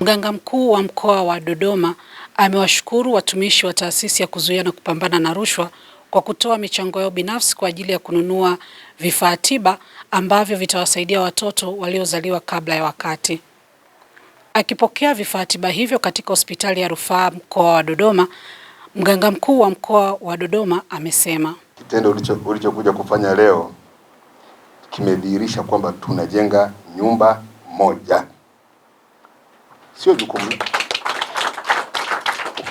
Mganga mkuu wa mkoa wa Dodoma amewashukuru watumishi wa taasisi ya kuzuia na kupambana na rushwa kwa kutoa michango yao binafsi kwa ajili ya kununua vifaa tiba ambavyo vitawasaidia watoto waliozaliwa kabla ya wakati. Akipokea vifaa tiba hivyo katika hospitali ya rufaa mkoa wa Dodoma, mganga mkuu wa mkoa wa Dodoma amesema kitendo ulichokuja kufanya leo kimedhihirisha kwamba tunajenga nyumba moja sio jukumu.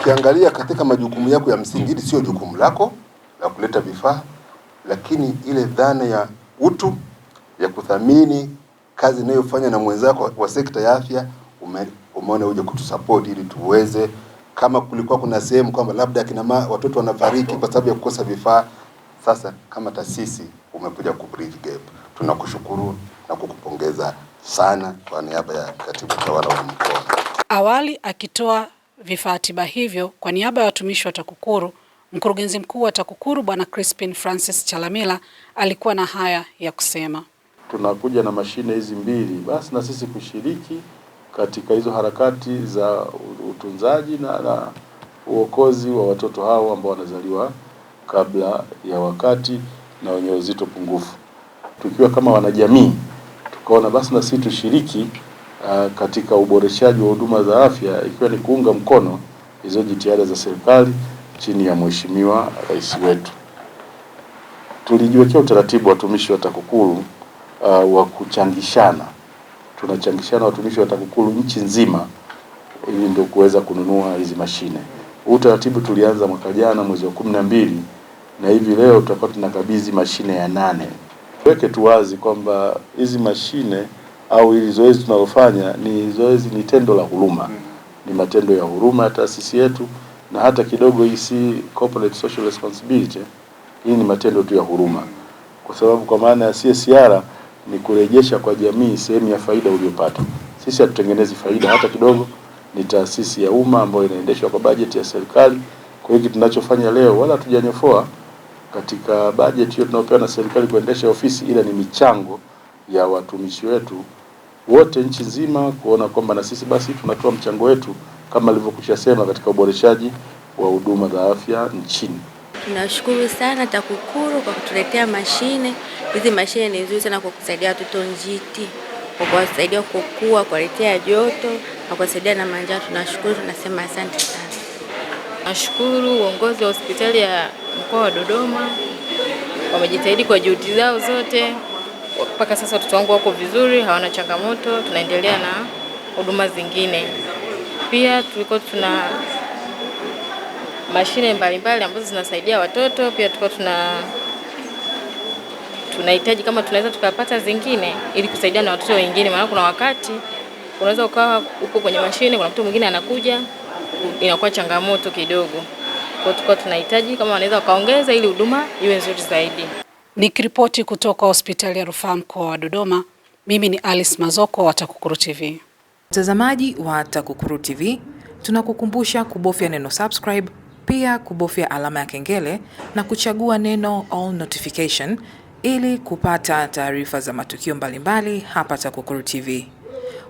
Ukiangalia katika majukumu yako ya msingi, sio jukumu lako la kuleta vifaa, lakini ile dhana ya utu ya kuthamini kazi inayofanya na mwenzako wa sekta ya afya ume, umeona uje kutusupport ili tuweze kama kulikuwa kuna sehemu kwamba labda akina watoto wanafariki kwa sababu ya kukosa vifaa, sasa kama taasisi umekuja ku bridge gap. Tunakushukuru na kukupongeza sana kwa niaba ya katibu tawala awali akitoa vifaa tiba hivyo kwa niaba ya watumishi wa TAKUKURU, mkurugenzi mkuu wa TAKUKURU Bwana Crispin Francis Chalamila alikuwa na haya ya kusema: tunakuja na mashine hizi mbili, basi na sisi kushiriki katika hizo harakati za utunzaji na, na uokozi wa watoto hao ambao wanazaliwa kabla ya wakati na wenye uzito pungufu. Tukiwa kama wanajamii, tukaona basi na sisi tushiriki uh, katika uboreshaji wa huduma za afya ikiwa ni kuunga mkono hizo jitihada za serikali chini ya Mheshimiwa Rais wetu. Tulijiwekea utaratibu watumishi wa TAKUKURU uh, wa kuchangishana, tunachangishana watumishi wa TAKUKURU nchi nzima ili ndio kuweza kununua hizi mashine. Huu utaratibu tulianza mwaka jana mwezi wa kumi na mbili na hivi leo tutakuwa tunakabidhi mashine ya nane. Tuweke tu wazi kwamba hizi mashine au hili zoezi tunalofanya ni zoezi, ni tendo la huruma, ni matendo ya huruma ya taasisi yetu, na hata kidogo hii si corporate social responsibility, hii ni matendo tu ya huruma, kwa sababu kwa maana ya CSR ni kurejesha kwa jamii sehemu ya faida uliyopata. Sisi hatutengenezi faida hata kidogo, ni taasisi ya umma ambayo inaendeshwa kwa bajeti ya serikali. Kwa hiyo tunachofanya leo, wala hatujanyofoa katika bajeti hiyo tunayopewa na serikali kuendesha ofisi, ila ni michango ya watumishi wetu wote nchi nzima kuona kwamba na sisi basi tunatoa mchango wetu kama alivyokwisha sema katika uboreshaji wa huduma za afya nchini. Tunashukuru sana TAKUKURU kwa kutuletea mashine hizi. Mashine ni nzuri sana kwa kusaidia watoto njiti, kwa kuwasaidia kukua, kuwaletea joto na kuwasaidia na manjaa. Tunashukuru, tunasema asante sana. Nashukuru uongozi wa hospitali ya mkoa wa Dodoma, wamejitahidi kwa juhudi zao zote mpaka sasa watoto wangu wako vizuri, hawana changamoto, tunaendelea na huduma zingine. Pia tulikuwa tuna mashine mbalimbali ambazo zinasaidia watoto, pia tulikuwa tuna tunahitaji kama tunaweza tukapata zingine ili kusaidia na watoto wengine, maana kuna wakati unaweza ukawa uko kwenye mashine, kuna mtu mwingine anakuja, inakuwa changamoto kidogo. Kwa hiyo tulikuwa tunahitaji kama wanaweza wakaongeza ili huduma iwe nzuri zaidi. Nikiripoti kutoka hospitali ya rufaa mkoa wa Dodoma, mimi ni Alice Mazoko wa TAKUKURU TV. Mtazamaji wa TAKUKURU TV, tunakukumbusha kubofya neno subscribe, pia kubofya alama ya kengele na kuchagua neno all notification ili kupata taarifa za matukio mbalimbali mbali hapa TAKUKURU TV.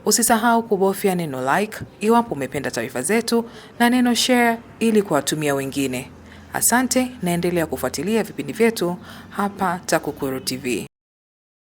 Usisahau kubofya neno like iwapo umependa taarifa zetu na neno share ili kuwatumia wengine. Asante, naendelea kufuatilia vipindi vyetu hapa TAKUKURU TV.